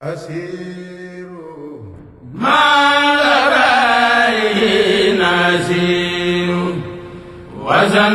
asiru malaraayi nasiru wasan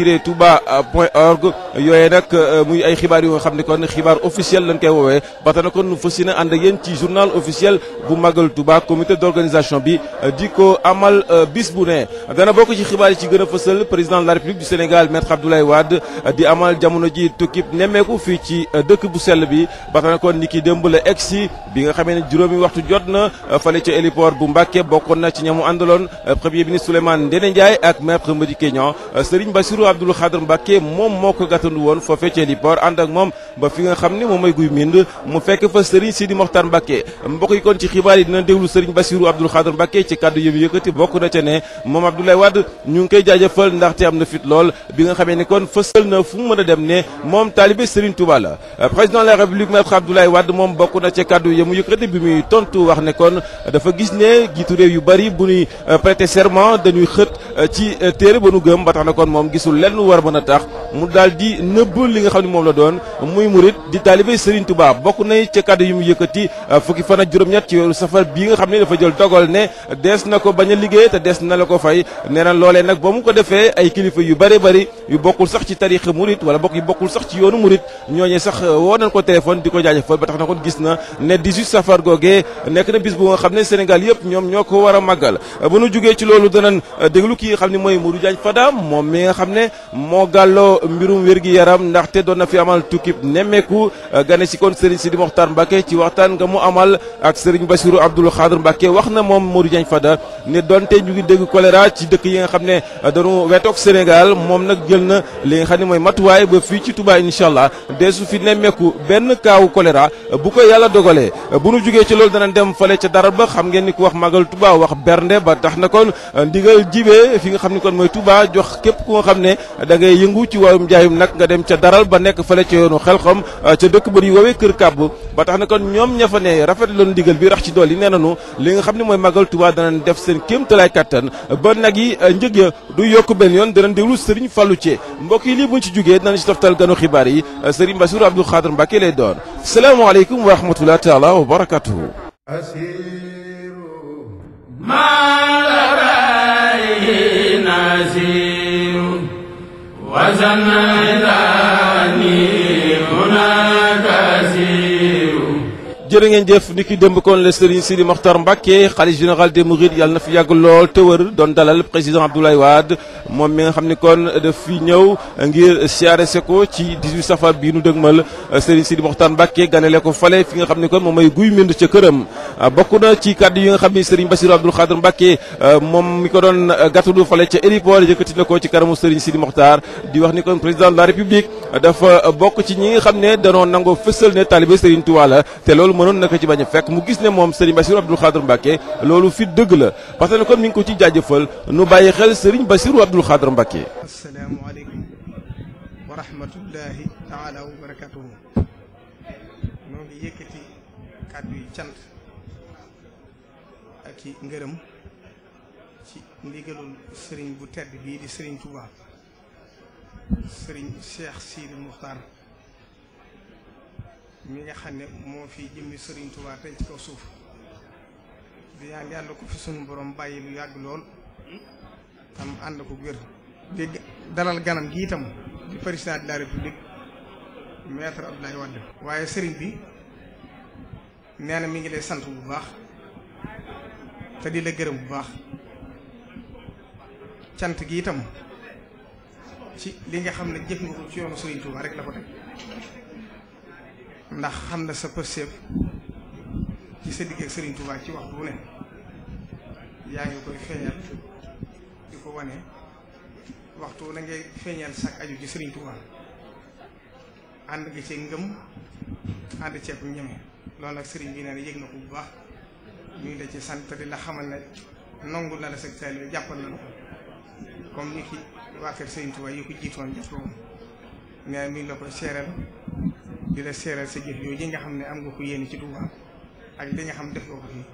tiret yoyé point euh, muy ay xibaar yo nga kon xibaar officiel lañ koy woowee batana na kon fassina yéene yeen ci journal officiel bu Magal Touba comité d'organisation bi euh, dico amal euh, bis bu d'un dana bokk ci xibaar ci gëna le président de la république du Sénégal maître Abdoulaye Wade di amal jamono ji tukkib néméku fi ci dëkk bu sel bi batana kon niki demb démb la egsi bi nga xamee ne juróomi waxtu jotna falé ci ca héliport bu mbacké bokkoon na ci ñamu andalon premier ministre Souleymane et ak maître Madické Niang Serigne Bassirou Abdoul Khadr Mbacke moom moo ko gàttandu woon foofee ca Libor ànd ak moom ba fi nga xam ne moom mooy guy mind mu fekk fa Serigne Sidi Mokhtar Mbacke mbokk yi kon ci xibaar yi dina déglu Serigne Bassirou Abdoul Khadr Mbacke ci kàddu yëmu yëkkati bokk na ca ne moom Abdoulaye Wade ñu ngi koy jaajëfal a yëkkati bi muy tontu wax ne dafa gis ne jiitu réew yu bari bu ñuy euh, prêter serment dañuy xët euh, ci euh, téere ba nu gëm ba tax na kon moom gisul weesu lenn war mën a tax mu daal di nëbb li nga xam ne moom la doon muy murit di taalibé Serigne Touba bokk nay ca kàddu yu mu yëkkati euh, fukki fan ak juróom-ñett ci weeru safar bii nga xam ne dafa jël dogal ne dees na ko bañ a liggéey te des na la ko fay nee na loolee nag ba mu ko defee ay kilifa yu bare bari yu bokkul sax ci tarix murit wala bokk yu bokkul sax ci yoonu murit ñooñee sax euh, woo nañ ko téléphone di ko jaajëfal ba tax na kon gis na ne 18 safar googee nekk na bis bu xam ne Sénégal yëpp ñoom ñoo ko war a màggal euh, bu nu ne moo gàlloo mbirum wérgi yaram ndaxte doon na fi amal tukkib nemmeeku euh, gane si kon Serigne Sidi Mokhtar Mbacke ci waxtaan nga mu amal ak Serigne Bassirou Abdoul Khadr Mbacke wax na moom Modou Diagne da ne donte ñu ngi dégg choléra ci dëkk yi nga xam ne euh, dañu wetoog Sénégal moom nag jël na li nga xam ne mooy matuwaay ba fii ci tubaa incha allah deesu fi nemmeeku benn kaawu kolera euh, bu ko yàlla dogalee bu nu jugee ci loolu dana dem fale ca dara ba xam ngeen ni ku wax magal Touba wax bernde ba tax na kon ndigal jibee fi nga ne da ngay yëngu ci wàllum njaayum nag nga dem ca daral ba nekk fële ca yoonu xelxam euh, ca dëkk ba ñuy woowee kër kàbb ba tax na kon ñoom ña fa ne rafet loon ndigal bi rax ci dool yi nee nañu li nga xam ne mooy magal Tuubaa danañ def seen kéemtalaay kattan ba nag yi euh, njëg ya du yokk benn yoon danañ déglu Serigne Fallou Thié mbokk yi lii buñ ci jógee danañ ci toftal ganu xibaar yi euh, Serigne Bassirou Abdou Khadre Mbacké lay doon salaamaaleykum wa rahmatulah taala wa وزناني هنا jërë ngeen jëf ni ki demb kon le Serigne Sidi Mokhtar Mbacké xalifa général des Mourides yàlla na fi yàgg lol te wër doon dalal président abdoulay wad mom mi nga xamni kon daf fi ñew ngir siaré se ci 18 safar bi nu deugmal Serigne Sidi Mokhtar Mbacké ganale ko falé fi nga xamni kon moom mooy guy mbind ca këram bokk na ci kàddu yi nga xamni Serigne Bassirou Abdoul khadir Mbacké mom mi ko doon gàttandu falé ci aéroport yëkkati na ko ci kanamu Serigne Sidi Mokhtar di wax ni kon président de la République dafa bokku ci ñi nga xam da danoo nango fessel ne talibé Serigne Touba la té loolu mënon na ko ci bañ fekk mu gis ne mom Serigne bassir abdou khadir Mbacké lolu fi dëgg la parce que comme ni ngi ko ci jajeufal nu bàyyi xel Serigne Bassirou Abdoul Khadr Mbacké alaykum wa rahmatullahi taala wa barakatuh mo ngi yëkkati kàddu yi cant ak i ci ndigalul sëriñ bu tedd bi di sëriñ Touba sëriñ Cheikh Sidi Moukhtar mi nga xam ne moo fi jëmmi Serigne Touba te ci kaw suuf di ñaan yàlla ko fi sunu borom bàyyi lu yàgg lool tam ànd ko wér di dalal ganam gi itam di président de la république maître lay Wade waaye sëriñ bi nee na mi ngi lay sant bu baax te di gërëm bu baax cant gi itam ci li nga xam ne jëf nga ko ci yoonu Serigne Touba rek la ko teg ndax xam na sa pëseeb ci sa digg ak Serigne ci wax bu ne yaa ngi koy feeñal di ko wane waxtu na ngay feeñal sag aju ci Serigne Touba ànd nga ci ngëm ànd ceeb ñeme loolu nag Serigne bi nee na yëg na bu baax ñu ngi ci sant di la xamal ne nongu na la sa taalibe jàppal na la comme ni ki waa kër Serigne Touba yi ko jiitoon jàppoo woon mais la koy seeral. di la seeral sa jëf yooyu yi nga xam ne am nga ko yéene ci Tuuba ak li xam def nga ko fii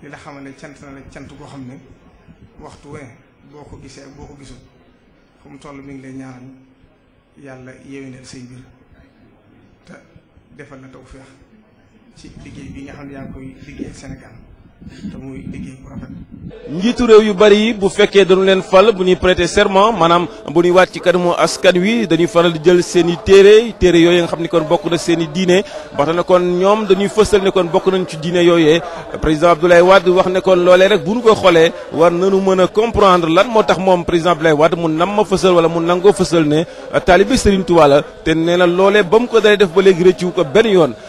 di la xamal ne cant na la cant goo xam ne waxtu we boo ko gisee ak boo ko gisul fu mu toll mi ngi lay ñaanal yàlla yéwénal say mbir te defal la tawfeex ci liggéey bi nga xam ne yaa ngi koy liggéey Sénégal te njiitu réew yu bari yi bu fekkee dañu leen fal bu ñuy prêter serment maanaam bu ñuy waat ci kanamu askan wi dañuy faral di jël seen i téere téere yooyu nga xam ne kon bokk na seen i diine ba tax na kon ñoom dañuy fësal ne kon bokk nañ ci diine yooyee président Abdoulaye Wade wax ne kon loolee rek bu ñu ko xoolee war nañu mën a comprendre lan moo tax moom président Abdoulaye Wade mu nam ma fësal wala mu nangoo fësal ne taalibe Serigne Touba la te nee na loolee ba mu ko dalee def ba léegi rëccu ko benn yoon.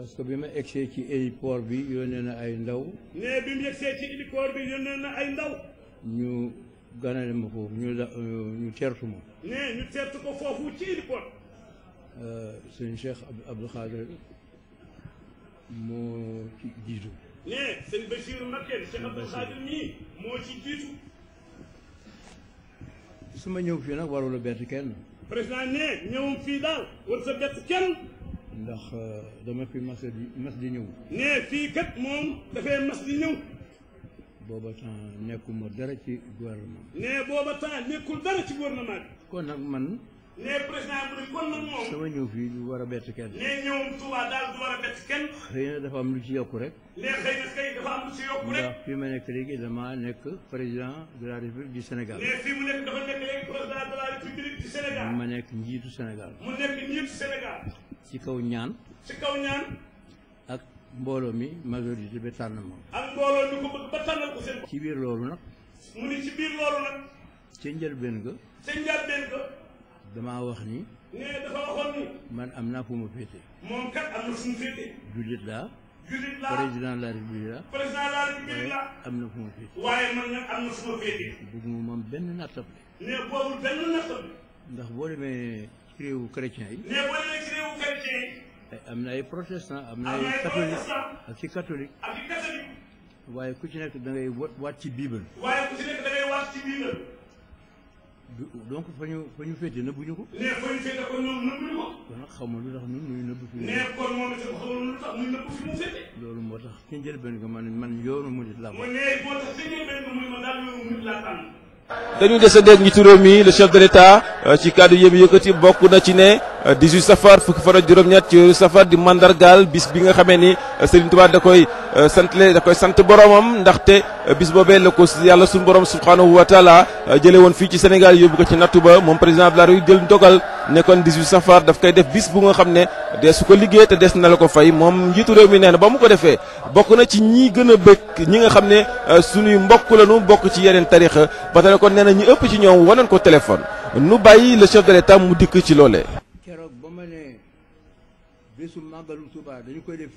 parce que bi ma egsee ci hélipoort bi yónnee na ay ndaw. ne bi mu egsee ci hélipoort bi yónnee na ay ndaw. ñu ganale ma foofu ñu la ñu tertu ma. ne ñu tertu ko foofu ci hélipoort. Euh, sëñ Cheikh Abdou Khader moo moo ci jiitu. su ma ñëw fii nag warul a bett kenn. président ne ñëwum fii daal war sa bett kenn. ndax euh, dama fi mas di mas di ñëw. ne fii kat moom dafay mas di ñëw. booba temps ci gouvernement bi. nekkul dara ci gouvernement kon nag man. ne président du war a bett kenn. xëy na dafa am lu ci yokku rek. ne xëy na kay dafa am lu ci yokku rek. ndax fi ma nekk léegi dama nekk président de la république du Sénégal. ne fii mu nekk dafa nekk léegi président de la république du Sénégal. ma nekk njiitu Sénégal. mu nekk njiitu Sénégal. ci kaw ñaan ak mbooloo mi majorité ba tànn moom ak mbooloo mi ci biir mu ga ca wax ni man am ma féete moom na fu mu féete laa jullit laa président la république laa am na fu ma féete na benn nattab ne ndax boo demee ci réewu chrétien yi Eh, am na ay protestant am na ay catholique ak ci catholique waaye ku ci nekk da ngay waat ci bible waaye ci nekk da ngay fa ñu fa nëbbuñu ko. ne fa ñu féete ko nëbbuñu ko. kon nag xaw lu tax ñun muy nëbbu fi mu. ne loolu moo tax ci njëlbeen nga man man yoonu murit laa mu ne boo dañu dese dégg njiitu réew mi le chef de l'État euh, ci kàddu yëm yëkkati bokk na ci ne euh, di safar fukki fan ak juróom-ñett ci weeru safar di mandargaal bis bi nga xamee ni euh, Serigne Touba da koy santle da koy sant boromam ndaxte bis boobee la ko yàlla suñ borom subhanahu wa taala jëlee woon fii ci Sénégal yóbbu ko ci nattu ba moom président de la jël ndogal ne kon 18 safar daf koy def biis bu nga xam ne des su ko liggéey te des na la ko fay moom njiitu réew mi nee na ba mu ko defee bokk na ci ñi gën a bëgg ñi nga xam ne euh, suñuy mbokk lañu bokk ci yeneen tarixa ba tey kon nee na ñi ëpp ci ñoom waneen ko téléphone nu bàyyi la chef de l'état mu dikk ci loolee. keroog ba ma ne bésu màggalu dañu koy def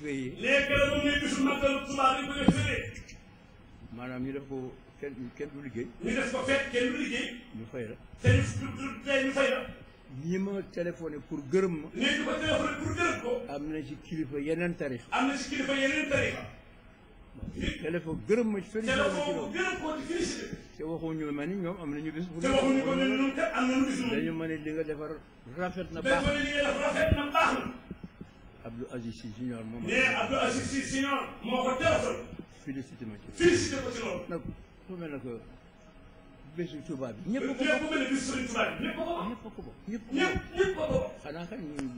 maanaam ñu def ko kenn liggéey. ñu ko fekk lii ma téléphoné pour gërëm ma. lii na ci kilifa yeneen tarix. am na ci kilifa yeneen tarix. téléphone gërëm ma ci félicité ma ma ni ñoom am nañu bis. te waxuñu ko ne ñoom kat am ma ne defar rafet na baax na. dañu ma ne li defar rafet na baax na. Abdou Aziz Sy Junior moom. nee Abdou Aziz Sy Junior ma ci loolu. félicité ko ci bésu Touba bi ñëpp ko bokk mel ne bésu Serigne Touba bi ñëpp ko bokk ñëpp ko bokk ñëpp ñëpp ko bokk xanaa kay ñun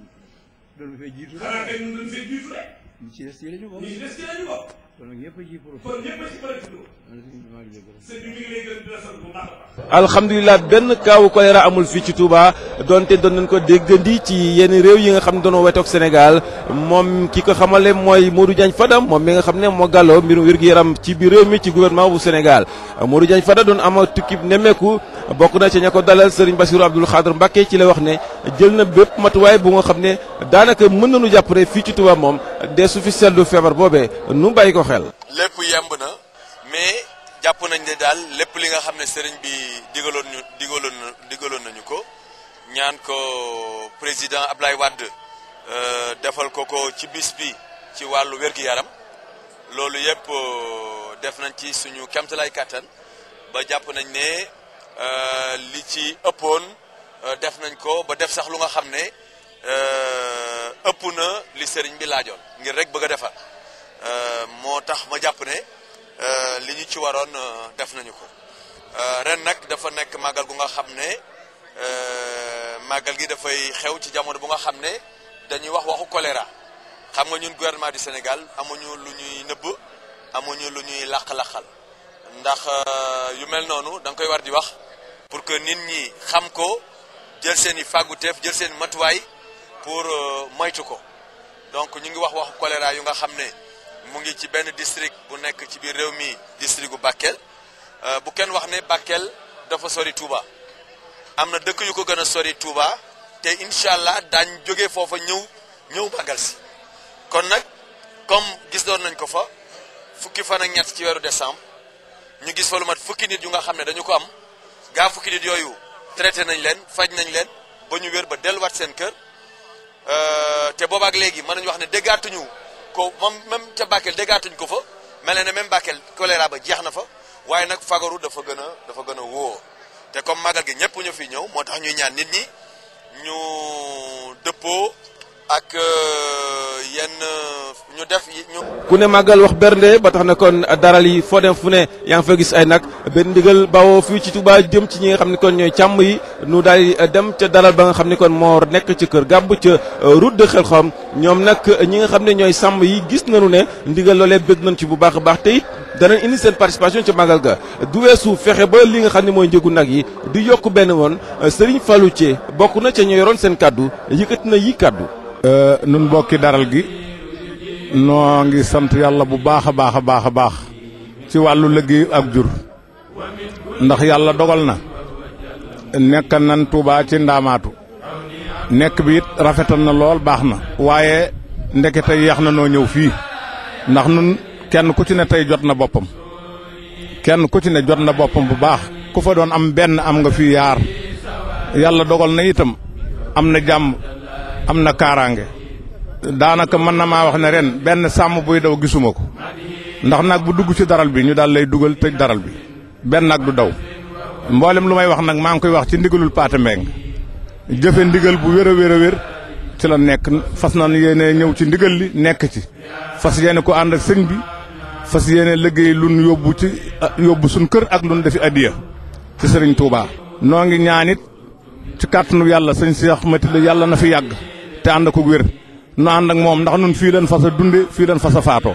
doon fee jiitu xanaa kay ñun doon fee jiitu rek ñi ci des ci la ñu bokk ñi ci des ci la ñu bokk kon ñëpp ji pour. kon ñëpp a benn kaawu choléra amul fii ci Touba donte doon nañ ko déggandi ci yenn réew yi nga xam ne doon wetoog Sénégal moom ki ko xamale mooy Modou Diagne Fada moom mi nga xam ne moo gàlloo mbirum wér-gu-yaram ci biir réew mi ci gouvernement bu Sénégal. Modou Diagne Fada doon ama tukki nemmeeku bokk na ca ña ko dalal Serigne Bassirou Abdoul Khadr Mbacké ci la wax ne jël na bépp matuwaay bu nga xam ne daanaka mën nañu jàpp ne fii ci Touba moom de su fi feebar boobee nu bàyyi ko xel. lépp yemb na mais jàpp nañ ne daal lépp li nga xam ne sëriñ bi digaloon ñu digaloon digaloon nañu ko ñaan ko président Ablaye Wade euh, defal ko ko ci bis bi ci wàllu wér-gu-yaram loolu yëpp euh, def nañ ci suñu kemtalaay kattan ba jàpp nañ ne euh, li ci ëppoon def nañ ko ba def sax lu nga xam ne ëpp na li sëriñ bi laajoon ngir rek bëgg a defar. Euh, motax ma japp ne euh, li ñu ci waron euh, def nañu ko ren nak dafa nek magal gu nga xamne ne màggal gi fay xew ci jamono bu nga xamne dañuy wax waxu choléra xam nga ñun gouvernement du Sénégal amuñu luñuy neub amuñu luñuy ñuy làq ndax yu mel nonu dang koy war di wax pour que nit ñi xam ko jël seeni jël seen matuway pour moytu ko donc ñu ngi wax waxu choléra yu nga xamne mu ngi ci benn district bu nekk ci biir réew mi district bu Bakel euh, bu kenn wax ne Bakel dafa sori Touba am na dëkk yu ko gën a sori Touba te incha allah daañ jóge foofa ñëw ñëw màggal si kon nag comme gis doon nañ ko fa fukki fan ak ñett ci weeru décembre ñu gis fa lu mat fukki nit yu nga xam ne dañu ko am gaa fukki nit yooyu traité nañ leen faj nañ leen ba ñu wér ba delluwaat seen kër euh, te boobaak léegi mën nañu wax ne déggaatuñu ko moom même ca Bakel déggaatuñ ko fa mel ne même Bakel choléra ba jeex na fa waaye nag fagaru dafa gën a dafa gën a wóor te comme magal gi ñëpp ñu fi ñëw moo tax ñuy ñaan nit ñi ñu dëppoo ak euh, yenn ñu def ku ne màggal wax bernde ba tax na kon daral yi foo dem fu ne yaa ngi fa gis ay nag benn ndigal bawoo fii ci Touba jëm ci ñi nga xam ne kon ñooy càmm yi nu daal dem ca daral ba nga xam ne kon moo nekk ca kër gàbb ca route de Xelcom ñoom nag euh, ñi nga xam ne ñooy sàmm yi gis nañu ne ndigal loolee bëgg nañ ci bu baax a baax te it indi seen participation ca màggal ga du weesu fexe ba li nga xam ne mooy njëgu nag yi di yokk benn woon euh, Serigne Fallou ci bokk na ca ñu yoroon seen kàddu yëkkati na yi kàddu euh, nun bokki daral noo ngi sant yàlla bu baax a baax a baax a baax ci wàllu liggéey ak jur ndax yàlla dogal na nekk nan Tuuba ci ndaamaatu nekk bi it rafetal na lool baax na waaye ndekete yeex na noo ñëw fii ndax nun kenn ku ci ne tey jot na boppam kenn ku ci ne jot na boppam bu baax ku fa doon am benn am nga fii yaar yàlla dogal na itam am na jàmm am na kaaraange daanaka mën na maa wax ne ren benn sàmm buy daw gisuma ko ndax nag bu dugg ci daral bi ñu daal lay dugal tëj daral bi benn nag du daw mboolem lu may wax nag maa ngi koy wax ci ndigalul paate mbeng jëfe ndigal bu wér a wér a wér ci la nekk fas na yéene ñëw ci ndigal li nekk ci fas yéene ko ànd ak sëñ bi fas yéene liggéey lun yóbbu ci yóbbu suñ kër ak lun defi addiya ci sëriñ tuubaa noo ngi ñaanit ci kàttanu yàlla sëñ Cheikh Mati la yàlla na fi yàgg te ànd ko wér nu ànd moom ndax nun fii leen fas a dunde fii leen fa a faatoo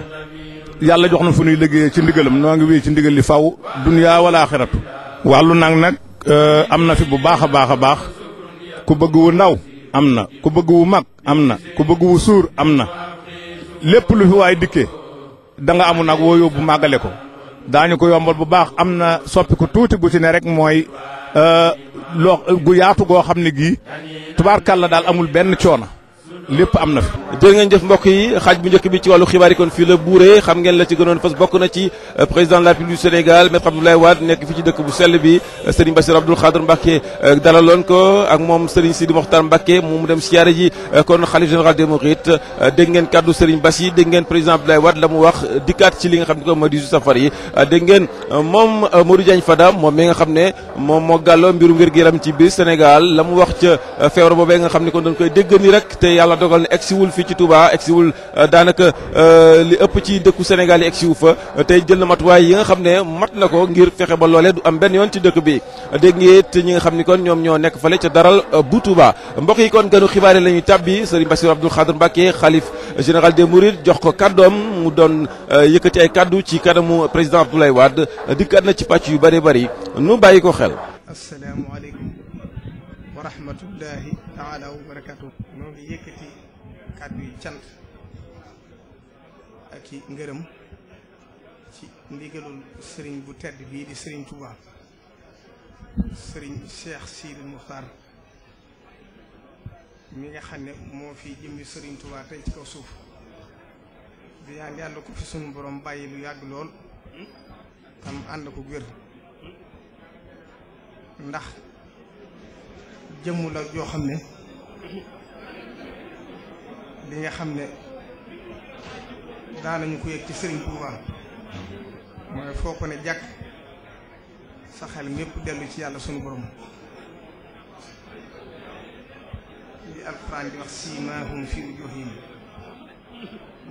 yàlla jox na fu nuy liggéeyee ci ndigalam noo ngi wéy ci ndigal li faw dunyaa wala axiratu wàllu nag nag euh, am na fi bu baax a baax a baax ku bëgg wu ndaw am na ku bëgg wu mag am na ku bëgg wu suur am na lépp lu fi waay dikkee danga nga amu nag woo yóbbu màggale ko daañu ko yombal bu baax am na soppi ko tuuti gu ci ne rek mooy euh, loo gu yaatu goo xam ne gii tubaar tubaarkàlla daal amul benn coona lépp am na fi jërë ngeen jëf mbokk yi xaaj bu njëkk bi ci wàllu xibaar yi kon fii la buuree xam ngeen la ci gënoon fas bokk na ci euh, président de la République du Sénégal Maître Abdoulaye Wade nekk fi ci dëkk bu sell bi euh, Serigne Bassirou Abdoul Khadr euh, dalaloon ko ak moom Serigne Sidi Mokhtar Mbacké mu dem siyaare ji kon xalif général des Mourides dégg ngeen kaddu Serigne Bass yi dégg ngeen président Abdoulaye Wade la mu wax dikkaat ci li nga xam ne ko mooy 18 safar yi dégg nga xam ne moom moo gàlloo mbirum wér-gu-yaram ci biir Sénégal la mu wax ca feebar boobee nga xam ne kon dañ koy yàlla dogal ne egg siwul fii ci Touba egg siwul euh, daanaka euh, li ëpp ci dëkku Sénégal yi egg fa tey jël na matuwaay yi nga xam ne mat na ko ngir fexe ba loolee du am benn yoon ci dëkk bi dégg te ñi nga xam ni kon ñoom ñoo nekk fale ca daral euh, bu Touba mbokk yi kon gënu xibaar yi la ñuy tàbbi Serigne Bassirou Abdoul Khadr Mbacké xalif général des Mourides jox ko kàddoom mu doon yëkkati ay kàddu ci kanamu président Abdoulaye Wade dikkaat na ci pàcc yu bari bari nu bàyyi ko xel asalaamaaleykum wa rahmatullahi noo ngi yëkkati kàddu yi cant ak i ngërëm ci ndigalul sëriñ bu tedd bii di sëriñ Touba sëriñ Cheikh Sidi Moukhtar mi nga xam ne moo fi jëmmi sëriñ tubaa tey ci kaw suuf di ñaan yàlla ko fi suñu borom bàyyi lu yàgg lool tam ànd ko wér ndax jëmm la joo xam ne li nga xam ne daanañu ko yëg ci Serigne Touba mooy foo ko ne jàkk sa xel mépp dellu ci yàlla sunu borom li alxuraan bi wax siimaahum fi wujuuhihim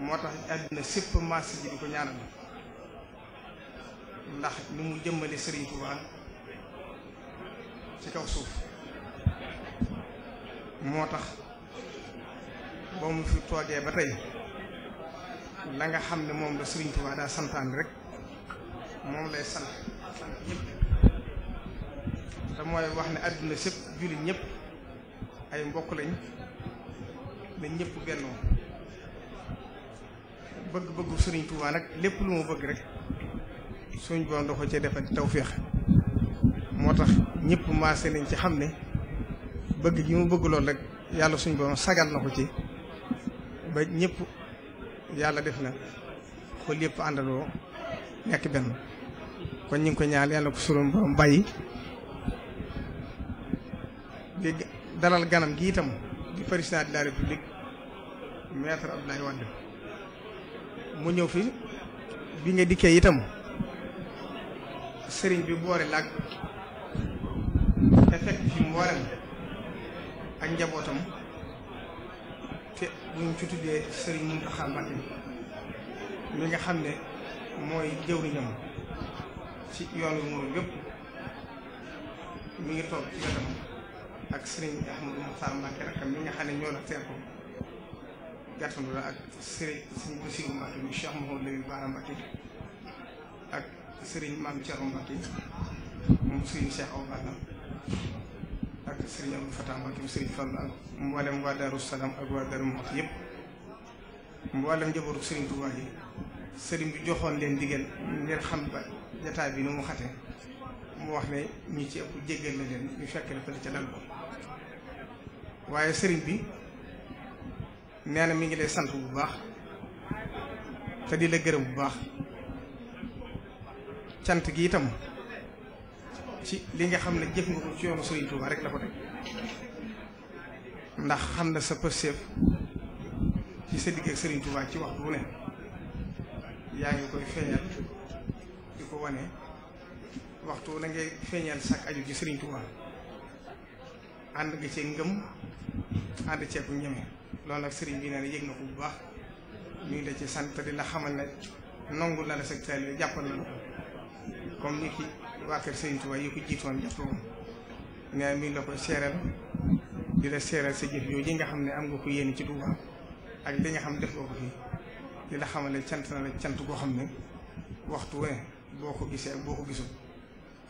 moo tax àddina sépp maas ji di ko ñaanal ndax lu mu jëmmale Serigne Touba ci kaw suuf moo tax ba mu fi toogee ba tey la nga xam ne moom la Serigne daa santaan rek moom lay sant sant ñëpp te mooy wax ne àdduna sëpp jullit ñëpp ay mbokk lañ ne ñëpp bennoo bëgg-bëggu Serigne nag lépp lu mu bëgg rek suñ boom da ko ci defal tawféex moo tax ñëpp maase nañ ci xam ne bëgg gi mu bëgg loolu rek yàlla suñu borom sagal na ko ci ba ñëpp yàlla def na ko lépp àndaloo nekk benn kon ñu ngi ko ñaan yàlla ko suñu borom bàyyi di dalal ganam gi itam di président de la république maître Abdoulaye Wade mu ñëw fi bi nga dikkee itam sëriñ bi boore laag te fekk fi mu waral ak njabootam te buñ ci tuddee sëriñ Muntaxa Mbàkke mi nga xam ne mooy jëwriñam ci yoonu murid yëpp mi ngi toog ci wetam ak sëriñ Ahmadou Moussa Mbàkke rakkam mi nga xam ne ñoo la teer ko gàttandu la ak sëriñ sëriñ Basiru Mbàkke mi Cheikh Mouhamadou Lamine Bara Mbàkke ak sëriñ Maam Cerno Mbàkke moom sëriñ Cheikh Awa Balla ak sëriñ Abdou Fatah Mbacké sëriñ Fall ak mboolem waa Daaru Salaam ak waa Daaru mboolem njabootu sëriñ Touba yi sëriñ bi joxoon leen digal ngeen xam ba jataay bi ni mu xate mu wax ne ñi ci ëpp jéggal na leen ñu fekk na fële ca dal ko waaye sëriñ bi nee mi ngi lay sant bu baax te di la gërëm bu baax cant gi itam ci li nga xam ne jëf nga ko ci yoonu Serigne Touba rek la ko teg ndax xam na sa pëseef ci sa digg ak Serigne Touba ci waxtu bu ne yaa ngi koy feeñal di ko wane waxtu na ngay feeñal sàkk aju ci sëriñ Touba ànd nga cee ngëm ànd ceeb bu ñeme loolu nag Serigne bi nee na yëg na ko bu baax ñu ngi la ci sant di la xamal ne nongul na la secteur bi jàppal na la comme ni ki waa kër Sëriñ Tuubaa yi ko jiitoon jàpp ne mi ngi la koy seeral di la seeral sa jëf yooyu yi nga xam ne am nga ko yéene ci Tuubaa ak li nga xam def nga ko fii di la xamal xamale cant na la cant goo xam ne waxtu wane boo ko gisee ak boo ko gisul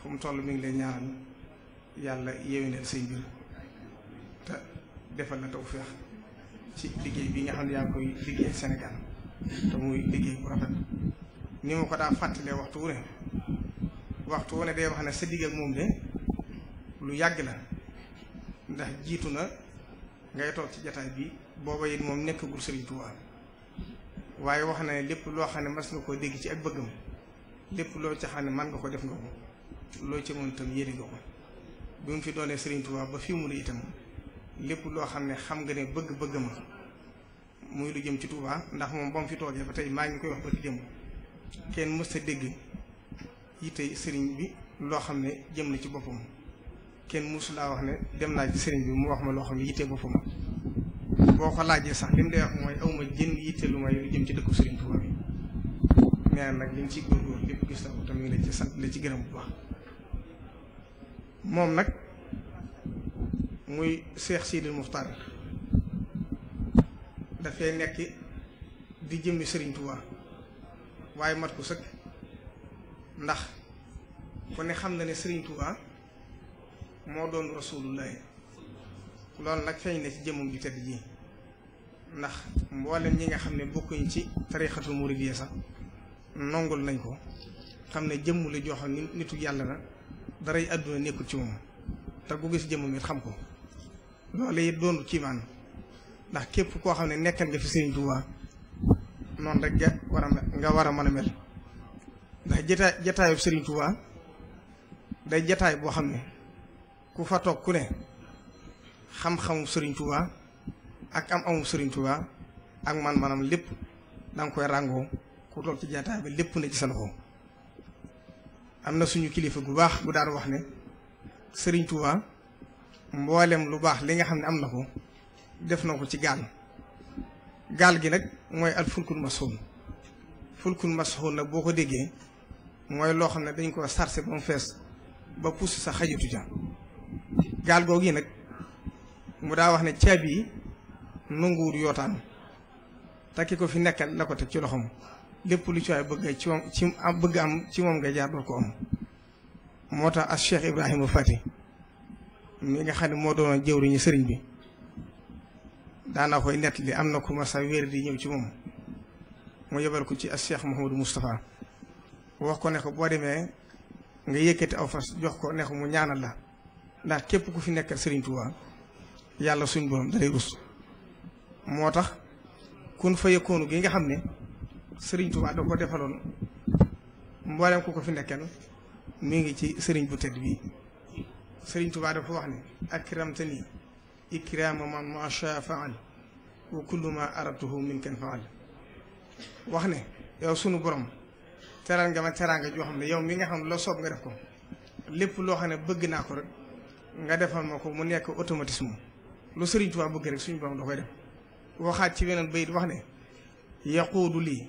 fu mu toll mi ngi lay ñaanal yàlla yéwénal say mbir te defal la tawfeex ci liggéey bi nga xam ne yaa koy liggéey Sénégal te muy liggéey bu rafet ni ma ko daa fàttalee waxtu wu ne waxtu wu ne day wax ne sa digg ak moom de lu yàgg la ndax jiitu na ngay toog ci jataay bi booba it moom nekkagul Sëriñ Tuubaa waaye wax na ne lépp loo xam ne mas nga koo dégg ci ak bëggam lépp loo ca xam ne man nga ko def ci mën tam yéene nga ko bi mu fi ba fii mu ne itam lépp loo xam ne xam nga ne bëgg-bëggam muy lu jëm ci Tuubaa ndax moom ba mu fi toogee ba tey maa ngi koy wax ba ci jëm kenn mës dégg yitey sëriñ bi loo xam ne jëm na ci boppam kenn musu laa wax ne dem naa ci sëriñ bi mu wax ma loo xam ne yitee boppam boo ko laajee sax lim mu day wax mooy awma jën yitte lu may ci dëkku sëriñ Tuubaa bi nee nag li ñu ciy góorgóorlu gis na ko tamit la ci sant ci gërëm bu baax moom nag muy Cheikh Sidil Muxtaar dafay nekk di jëmmi sëriñ Tuubaa waaye mat ko sëkk ndax ku ne xam na ne Serigne Touba moo doon rasulullahi loolu nag feeñ na ci jëmum ju tedd ji ndax mboolem ñi nga xam ne bokkuñ ci tarixatul muridiyya sax nongul nañ ko xam ne jëmm la joo xam ni nitu yàlla na daray àdduna nekkul ci moom te ku gis jëmm mi xam ko loolu it doonu kiimaan ndax képp koo xam ne nekkal nga fi Serigne Touba noonu rek nga war a nga war a mën a mel. ndax jataay jataayub Serigne day jataay boo xam ne ku fa toog ku ne xam-xamu Serigne Touba ak am amu Serigne Touba ak man manam lépp da koy ràngoo ku toog ci jataay bi lépp ne ci sa loxo am na suñu kilifa gu baax gu daan wax ne Serigne Touba mboolem lu baax li nga xam ne am na ko def na ko ci gaal gaal gi nag mooy al fulkul masxuun fulkul masxuun nag boo ko déggee mooy loo xam ne dañ koo sarse ba mu fees ba puus sa xajatu ja gaal googu yi nag mu daa wax ne caabi yi nanguwul yootaan takki ko fi nekkal la ko te ci loxoom lépp lu ci waay bëgg ci am bëgg am ci moom nga jaar doo ko am moo tax as Cheikh Ibrahima Fati mi nga xam ne moo doon jëwriñu sëriñ bi daana koy nett li am na ku ma sa wér di ñëw ci moom mu yebal ko ci as Cheikh Mouhamadou Moustapha wax ko ne ko boo demee nga yëkkati aw fas jox ko ne mu ñaanal la ndax képp ku fi nekkal Serigne Touba yàlla suñ borom dalay rus moo tax kun fa yëkkoonu gi nga xam ne Serigne Touba ko defaloon mboolem ku ko fi nekkal mu ngi ci Serigne bu bi Serigne Touba dafa wax ne akramtani ikraama man ma shaa faal wa kullu ma arabtuhu min faal wax ne yow sunu borom teral nga ma teraanga joo xam ne yow mi nga xam ne loo soob nga def ko lépp loo xam ne bëgg naa ko rek nga defal ma ko mu nekk automatisme lu Sëriñ Tuubaa bëgg rek suñu borom da koy def waxaat ci weneen bayit wax ne yaquudu lii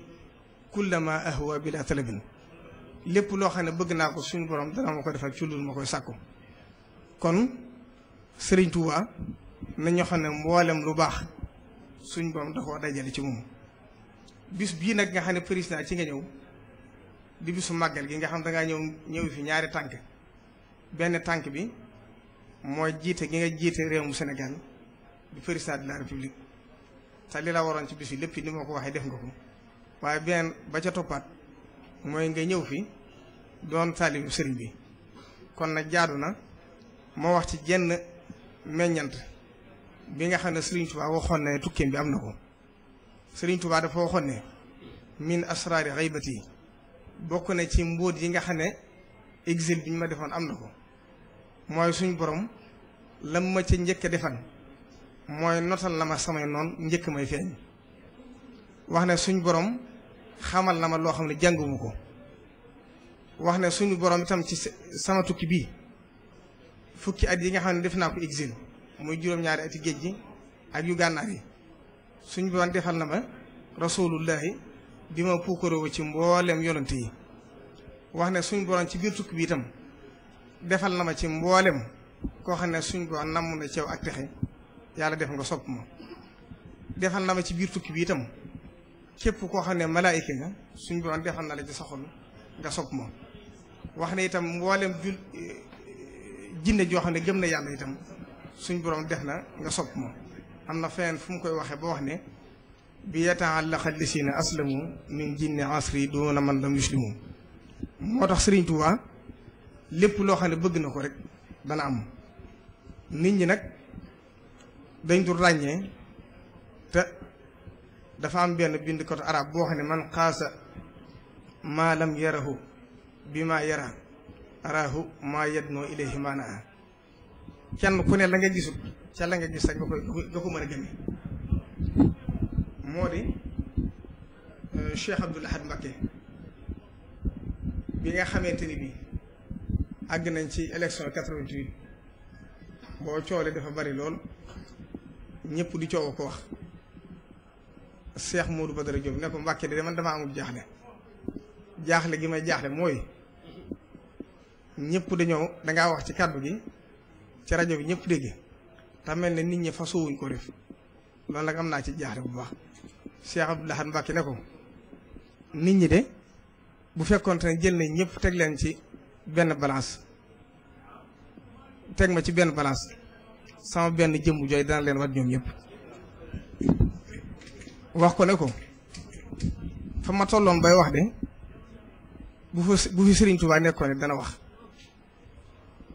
kullama ahwa bila lépp loo xam ne bëgg naa ko suñu borom dana ma ko defal ci loolu ma koy sàkku kon Sëriñ Tuubaa nañoo xam ne mboolem lu baax suñ borom da koo dajale ci moom bis bii nag nga xam ne président ci nga ñëw di bisu màggal gi nga xam dangaa ñëw ñëw fi ñaari tànk benn tànk bi mooy jiite gi nga jiite réew mu senegal di président de la république te li la waroon ci bis bi lépp ni ma ko waxee def nga ko waaye benn ba ca toppaat mooy nga ñëw fi doon taalibu sëriñ bi kon nag jaadu na moo wax ci jenn meññant bi nga xam ne Sëriñ Tuubaa waxoon ne tukkeem bi am na ko Sëriñ Tuubaa dafa waxoon ne min asraari xaybati bokk na ci mbóot yi nga xam ne exil bi ñu ma defoon am na ko mooy suñ borom lam ma ci njëkk defan mooy notal la ma samay noon njëkk may feeñ wax ne suñ borom xamal na ma loo xam ne jàngumu ko wax ne suñu borom itam ci sama tukki bi fukki at yi nga xam ne def naa ko exil muy juróom-ñaari ati géej gi ak yu gànnaar yi suñ borom defal na ma rasulullahi bi ma puukaroo ci mboolem yonante yi wax ne suñ borom ci biir tukki bi itam defal na ma ci mboolem koo xam ne suñ borom namm na ceew ak texe yàlla def nga sopp ma defal na ma ci biir tukki bi itam képp koo xam ne malaayika nga suñ borom defal na la ci sa nga sopp ma wax ne itam mboolem jul jinne joo xam ne gëm na yàlla itam suñ borom def na nga sopp ma am na feneen fu mu koy waxee ba wax ne bi yataallaqa lisina aslamu min jinni asri duuna man la yuslimu moo tax Serigne Touba lépp loo xam ne bëgg na ko rek dana am nit ñi nag dañ dul ràññee te dafa am benn bindkat arab boo xam ne man xaasa maa lam yarahu bi maa yara arahu maa yadnoo ilayhi maanaa kenn ku ne la nga gisul ca la nga gis rek nga koy nga ko mën a gëmee moo di euh, Cheikh Abdoul Ahad bi nga xamante ni bii àgg nañ ci élection 88 boo coolee dafa bari lool ñëpp di coow ko wax Cheikh ba Badara Diop ne ko Mbacké de man damaa amul jaaxle jaaxle gi may jaaxle mooy ñëpp dañoo dangaa wax ci kàddu gi ci rajo bi ñëpp dégg te mel ne nit ñi fasoo wuñ ko def loolu nag am naa ci jaaxle bu baax. Cheikh Abdou Lahad Mbacké ne ko nit ñi de bu fekkoonte ne jël nañ ñëpp teg leen ci benn balance teg ma ci benn balance sama benn jëmm jooy dana leen wat ñoom ñëpp wax ko ne ko fa ma tolloon bay wax de bu fa bu fi Sëriñ Tuubaa nekkoon dana wax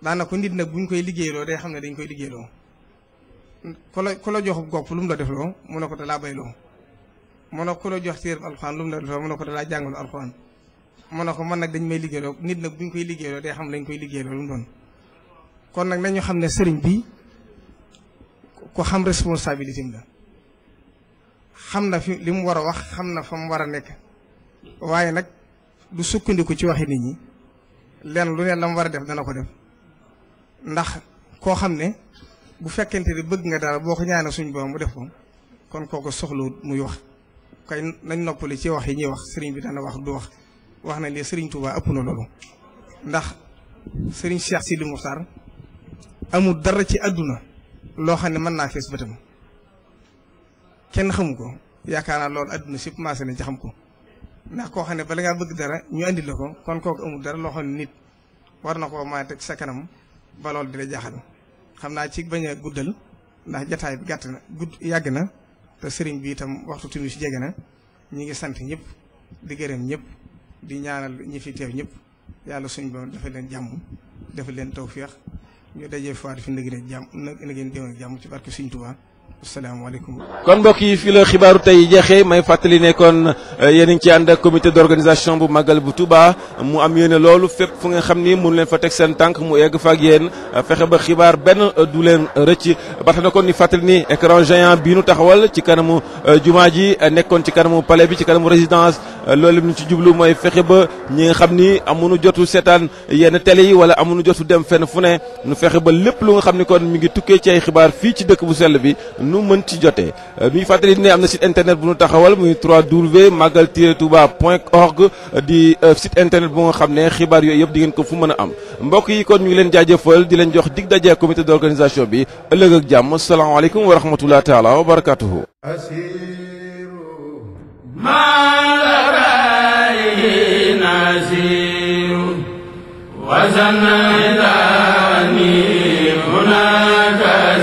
daanaka nit nag buñ koy liggéeyloo day xam ne dañ koy liggéeyloo ku la ku la joxub gopp lu mu la defloo mu ne ko bay bayloo mu ne ku la jox téereb alxuraan lu mu la defal mu ne ko dalaa jàngalu alxuraan mu ne ko man nag dañ may liggéeyloo nit nag bu ñu koy liggéeyloo day xam lañ koy liggéeyloo lu mu doon kon nag nañu xam ne sëriñ bi ku xam responsabilité am la xam na fi li mu war a wax xam na fa mu war a nekk waaye nag du sukkandiku ci waxi nit ñi lenn lu ne la mu war a def dana ko def ndax koo xam ne bu fekkente ne bëgg nga dara boo ko ñaanee suñ borom mu def ko kon koo ko soxlawut muy wax kay nañ noppali ci wax yi ñuy wax sëriñ bi dana wax du wax wax na li sëriñ Touba ëpp na loolu ndax sëriñ Cheikh Sidi Moukhtar amul dara ci àdduna loo xam ne mën naa fees bëtam kenn xamu ko yaakaar naa loolu àdduna si commencé na ci ko ndax koo xam ne bala ngaa bëgg dara ñu andi la ko kon kooku amul dara loo xam ne nit war na koo maa teg sa kanam ba loolu di la jaaxal xam naa ci bañ a guddal ndax jataay bi gàtt na gudd yàgg na. te sëriñ bi itam waxtu timi si jege na ñi ngi sant ñëpp di gërëm ñëpp di ñaanal ñi fi teew ñëpp yàlla suñ ba dafa leen jàmm dafa leen tawféex ñu dajee faat fi nag ne jàmm nag ngeen déwén jàmm ci barke Sëriñ Tuubaa salaamaaleykum. kon mbokk yi fii la xibaaru tey jeexee may fàttali ne kon eh, yéen a ci ànd ak comité d'organisation bu màggal bu Touba mu am yéene loolu fépp fu nga xam ni mun leen fa teg seen tànk mu egg fa ak yéen fexe ba xibaar benn eh, du leen eh, rëcc ba tax na kon ni fàttali ni écran géant bii nu taxawal ci kanamu jumaa ji nekkoon ci kanamu pale bi ci kanamu résidence. loolu ñu ci djublu moy fexe ba ñi nga xamni amuñu jotu seetaan yenn télé yi wala amuñu jotu dem fenn fune nu fexe ba lépp lu nga xamni kon mi ngi tukkee ci ay xibaar fi ci dëkk bu sel bi nu mën ci joté mi fatali ni amna site internet bu ñu taxawal muy 3w magaltiretouba.org di site internet bu nga xamné xibaar yoy yëpp di ngeen ko fu mëna am mbokk yi kon ñu ngi leen jaajëfal di leen jox dig daje comité d'organisation bi ëlëg ak jàmm assalamu alaykum wa rahmatullahi taala wa barakatuh barakatuhu وزمني هناك